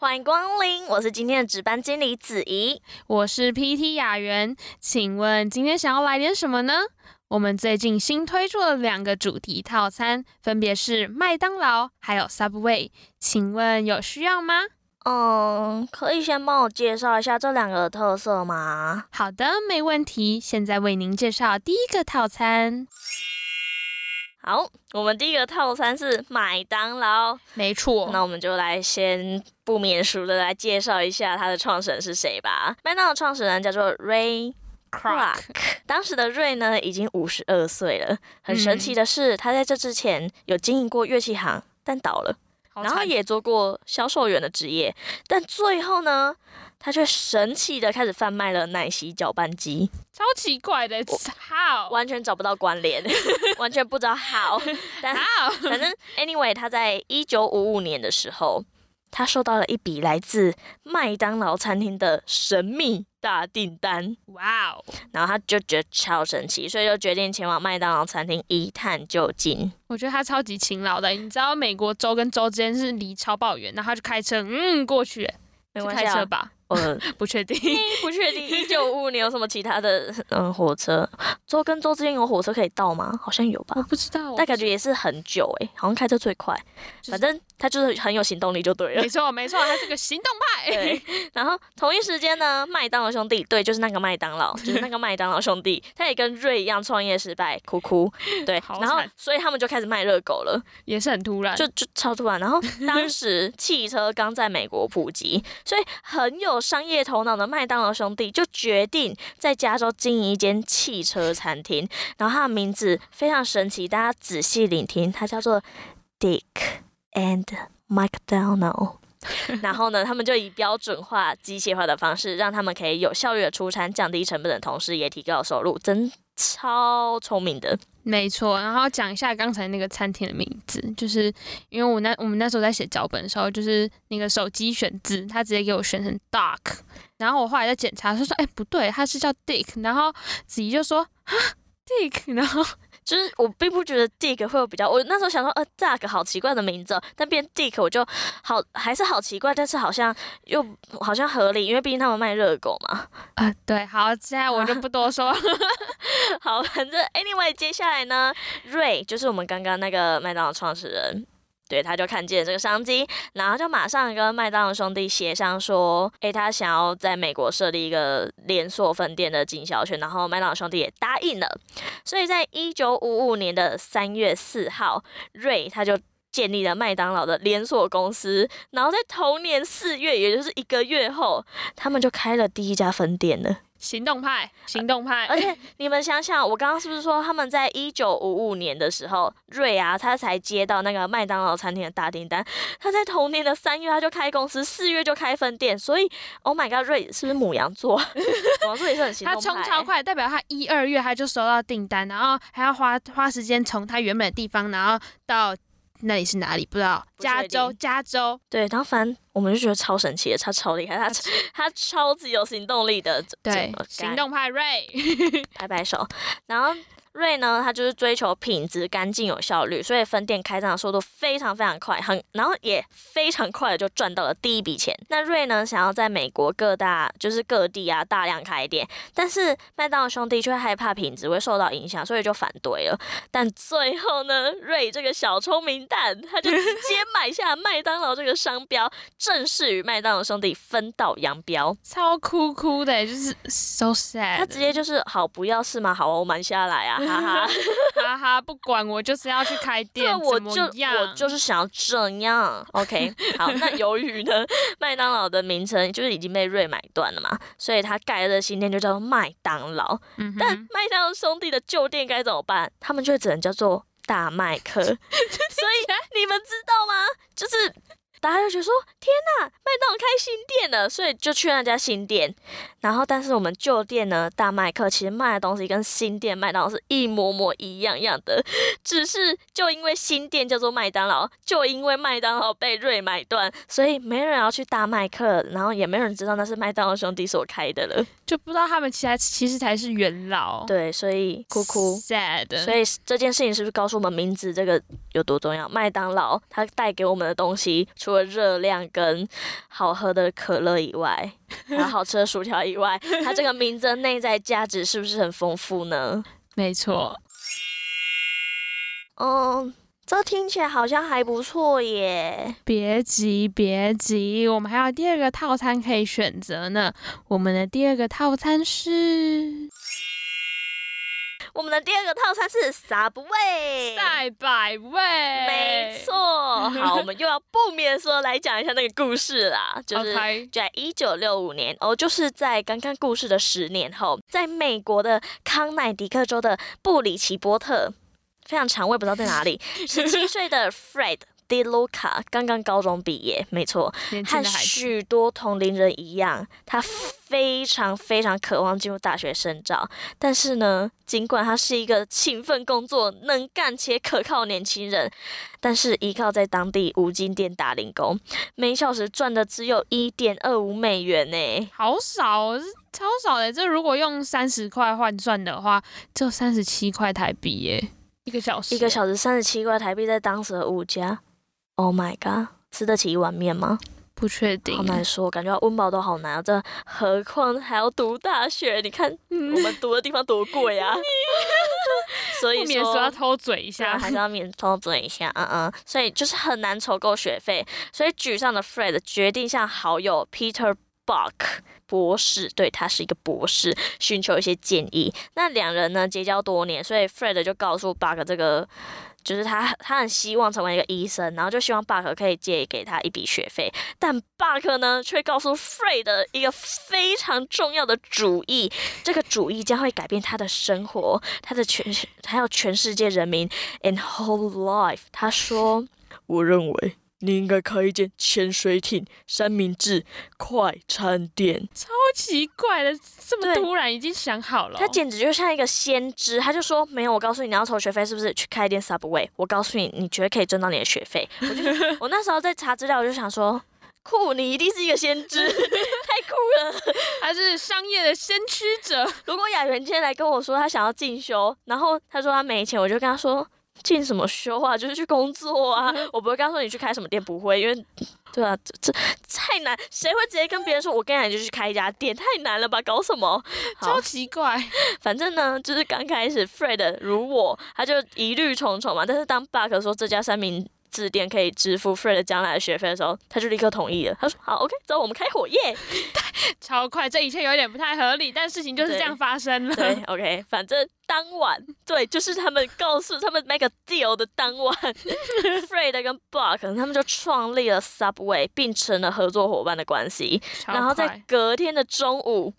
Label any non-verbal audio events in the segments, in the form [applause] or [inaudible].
歡迎光臨，我是今天的值班經理子怡，我是 PT 雅園，請問今天想要來點什麼呢？我們最近新推出了兩個主題套餐，分別是麥當勞還有 Subway，請問有需要嗎？嗯，可以先幫我介紹一下這兩個特色嗎？好的，沒問題。現在為您介紹第一個套餐。好，我們第一個套餐是麥當勞。沒錯。那我們就來先不免俗的來介紹一下它的創始人是誰吧。麥當勞創始人叫做 Ray Kroc，當時的 Ray 呢已經五十二歲了。很神奇的是，嗯、他在這之前有經營過樂器行，但倒了。然後也做過銷售員的職業，但最後呢，他卻神奇的開始販賣了奶昔攪拌機，超奇怪的，我，How? 完全找不到關聯， [laughs] 完全不知道 how，但 how? 反正 anyway 他在一九五五年的時候。他收到了一筆來自麥當勞餐廳的神秘大訂單，哇哦 Wow！然後他就覺得超神奇，所以就決定前往麥當勞餐廳一探究竟。我覺得他超級勤勞的，你知道美國州跟州之間是離超爆遠，然後他就開車，嗯，過去，沒問題啊，去開車吧。呃， [laughs] 不確定， [laughs] 不確定。一九五五年，你有什麼其他的？嗯，火車，州跟州之間有火車可以到嗎？好像有吧，不知道。知道但感覺也是很久哎、欸，好像開車最快。就是、反正他就是很有行動力就對了。沒錯，沒錯，他是個行動派。 [laughs] 對，然後同一時間呢，麥當勞兄弟，對，就是那個麥當勞，就是那個麥當勞兄弟，他也跟瑞一樣創業失敗，哭哭。對，然後所以他們就開始賣熱狗了，也是很突然，就就超突然。然後當時汽車剛在美國普及，所以很有商業頭腦的麥當勞兄弟就決定在加州經營一間汽車餐廳，然後他的名字非常神奇，大家仔細聆聽，他叫做 Dick and McDonald。 [laughs] 然後呢，他們就以標準化、機械化的方式，讓他們可以有效率的出餐，降低成本的同時，也提高收入，真超聰明的。沒錯，然後講一下剛才那個餐廳的名字，就是因為我那我們那時候在寫腳本的時候，就是那個手機選字，他直接給我選成 Dark，然後我後來在檢查，他說：“哎、欸，不對，他是叫 Dick。”然後子怡就說：“啊，Dick。”然後。就是我並不覺得 Dick 會有比較，我那時候想說，呃，Duck 好奇怪的名字，但變 Dick 我就好還是好奇怪，但是好像又好像合理，因為畢竟他們賣熱狗嘛。啊、呃，對，好，現在我就不多說。啊、 [laughs] 好，反正 Anyway，接下來呢，Ray 就是我們剛剛那個麥當勞創始人。對，他就看見這個商機，然後就馬上跟麥當勞兄弟協商說：“誒、欸，他想要在美國設立一個連鎖分店的經銷權。”然後麥當勞兄弟也答應了。所以在一九五五年的三月四號，Ray 他就，建立了麥當勞的連鎖公司，然後在同年四月，也就是一個月後，他們就開了第一家分店了。行動派，行動派。而且你們想想，我剛剛是不是說，他們在一九五五年的時候，瑞啊，他才接到那個麥當勞餐廳的大訂單，他在同年的三月他就開公司，四月就開分店。所以，Oh my God，瑞是不是牡羊座？黃座也是很行動派、欸、他衝超快，代表他一二月他就收到訂單，然後還要花花時間從他原本的地方，然後到。那裡是哪裡？不知道。加州，加州。加州對，然後反正我們就覺得超神奇的，他超厲害，他他超級有行動力的，對， [laughs] 行動派瑞，拍 [laughs] 拍手，然後。瑞呢，他就是追求品質、乾淨、有效率，所以分店開張的速度非常非常快，很然後也非常快的就賺到了第一筆錢。那瑞呢，想要在美國各大就是各地啊大量開店，但是麥當勞兄弟卻害怕品質會受到影響，所以就反對了。但最後呢，瑞這個小聰明蛋，他就直接買下麥當勞這個商標， [laughs] 正式與麥當勞兄弟分道揚鑣。超哭哭的，就是 so sad。他直接就是好，不要是嗎？好，我買下來啊。哈哈哈哈哈！不管我就是要去開店， [laughs] 我就怎麼樣？我就是想要這樣。OK，好，那由於呢，麥當勞的名稱就是已經被瑞買斷了嘛，所以他蓋的新店就叫做麥當勞。嗯、哼但麥當勞兄弟的舊店該怎麼辦？他們就只能叫做大麥克。 [laughs] 所以 [laughs] 你們知道嗎？就是。大家就覺得說，天哪，麥當勞開新店了，所以就去那家新店。然後，但是我們舊店呢，大麥克其實賣的東西跟新店賣的東西是一模模一樣樣的，只是就因為新店叫做麥當勞，就因為麥當勞被瑞買斷，所以沒人要去大麥克，然後也沒有人知道那是麥當勞兄弟所開的了，就不知道他們其他其實才是元老。對，所以哭哭，sad。所以這件事情是不是告訴我們，名字這個有多重要？麥當勞它帶給我們的東西。除了熱量跟好喝的可樂以外，還有好吃的薯條以外， [laughs] 它這個名字內在價值是不是很豐富呢？沒錯錯。嗯，這聽起來好像還不錯耶。別急，別急，我們還有第二個套餐可以選擇呢。我們的第二個套餐是。我們的第二個套餐是 Subway，賽百味，沒錯。好，我們又要不免說 [laughs] 來講一下那個故事啦，就是 Okay. 就在一九六五年哦，就是在剛剛故事的十年後，在美國的康乃狄克州的布里奇波特，非常長，我也不知道在哪裡。十七歲的 Fred。 [laughs] 迪盧卡剛剛高中畢業，沒錯，和許多同齡人一樣，他非常非常渴望進入大學深造。但是呢，儘管他是一個勤奮工作、能幹且可靠年輕人，但是依靠在當地五金店打零工，每小時賺的只有一點二五美元呢、欸，好少，超少哎！這如果用三十塊換算的話，就三十七塊台幣耶、欸，一個小時，一個小時三十七塊台幣在當時的物價。Oh my god，吃得起一碗麵嗎？不確定，好難說。感覺溫飽都好難啊，這何況還要讀大學？你看我們讀的地方多貴啊！ [laughs] 你 [laughs] 所以說免說要偷嘴一下，還是要免偷嘴一下。嗯嗯，所以就是很難籌夠學費，所以沮喪的 Fred 決定向好友 Peter。Buck 博士，對，他是一個博士，尋求一些建議。那兩人呢，結交多年，所以 Fred 就告訴巴克，這個，就是他他很希望成為一個醫生，然後就希望巴克可以借給他一筆學費。但巴克呢，卻告訴 Fred 一個非常重要的主意，這個主意將會改變他的生活，他的全世，還有全世界人民 and whole life。他說，我認為。你應該開一間潛水艇三明治快餐店，超奇怪的，這麼突然對已經想好了、哦。他簡直就像一個先知，他就說沒有，我告訴你，你要籌學費是不是？去開一間 Subway，我告訴你，你絕對可以掙到你的學費。我就我那時候在查資料，我就想說 [laughs] 酷，你一定是一個先知， [laughs] [laughs] 太酷了，他是商業的先驅者。如果雅媛今天來跟我說她想要進修，然後她說她沒錢，我就跟她說。進什麼修啊？就是去工作啊！嗯、我不會告訴你去開什麼店，不會，因為，對啊，這這太難，誰會直接跟別人說？我跟你講，你就去開一家店，太難了吧？搞什麼？好超奇怪。反正呢，就是剛開始，Fred 如我，他就疑慮重重嘛。但是當 Buck 說這家三明。致電可以支付 Fred 的將來的學費的時候，他就立刻同意了。他說：“好，OK，走，我們開火耶！” yeah、超快，這一切有點不太合理，但事情就是這樣發生了。對，對，OK，反正當晚，對，就是他們告訴他們 make a deal 的當晚 [laughs] ，Fred 跟 Buck 可能他們就創立了 Subway，並成了合作夥伴的關係。超快，然後在隔天的中午。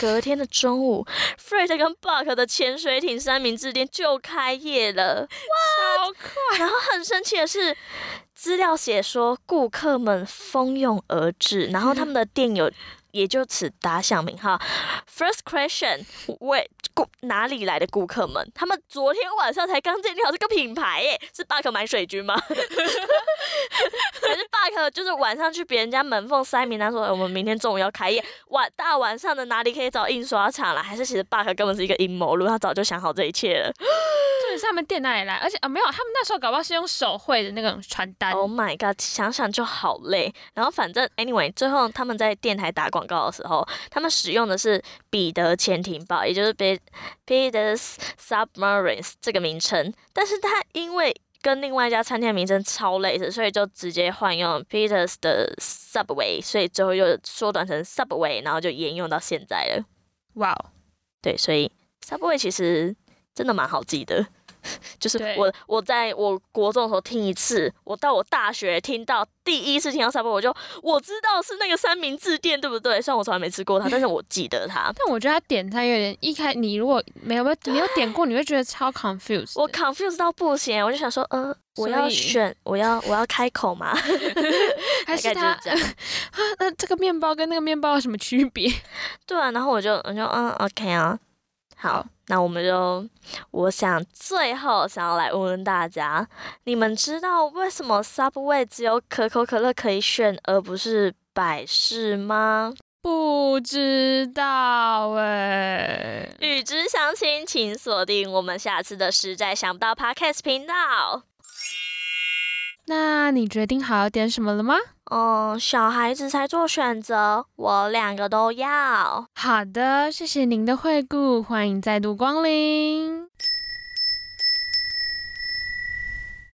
隔天的中午 [laughs] ，Fred 跟 Buck 的潛水艇三明治店就開業了，超快！然後很神奇的是，資料寫說顧客們蜂擁而至，然後他們的店有也就此打響名號。 [laughs] First question，wait。哪裡來的顧客們？他們昨天晚上才剛建立好這個品牌耶、欸，是 Buck 買水軍嗎？ [laughs] [laughs] 還是 Buck 就是晚上去別人家門縫塞名單說、欸、我們明天中午要開業，晚大晚上的哪裡可以找印刷廠啦？還是其實 Buck 根本是一個陰謀論，如果他早就想好這一切。了。就是他們店那裡來，而且啊、哦、沒有，他們那時候搞不好是用手繪的那種傳單。Oh my god，想想就好累。然後反正 anyway，最後他們在電台打廣告的時候，他們使用的是彼得潛艇堡，也就是 Peter's Submarines 這個名稱。但是他因為跟另外一家餐廳的名稱超類似，所以就直接換用 Peter's 的 Subway，所以最後又縮短成 Subway，然後就沿用到現在了。哇 Wow，對，所以 Subway 其實真的蠻好記的。就是我，我在我國中的時候聽一次，對我到我大學聽到第一次聽到 Subway，我就我知道是那個三明治店，對不對？雖然我從來沒吃過它， [laughs] 但是我記得它。但我覺得他點菜有點一開，你如果沒有沒有點過，你會覺得超 confuse。我 confuse 到不行，我就想說，嗯、呃，以我要選，我要我要開口嗎？ [laughs] [laughs] 還是他？覺那 [laughs] 這、呃呃、這個麵包跟那個麵包有什麼區別？對啊，然後我就我就嗯 OK 啊，好。那我們就，我想最後想要來問問大家，你們知道為什麼 Subway 只有可口可樂可以選，而不是百事嗎？不知道誒。欲知詳情，請鎖定我們下次的《食在想不到》Podcast 頻道。那你決定好點什麼了嗎？嗯，小孩子才做選擇，我兩個都要。好的，謝謝您的惠顧，歡迎再度光臨。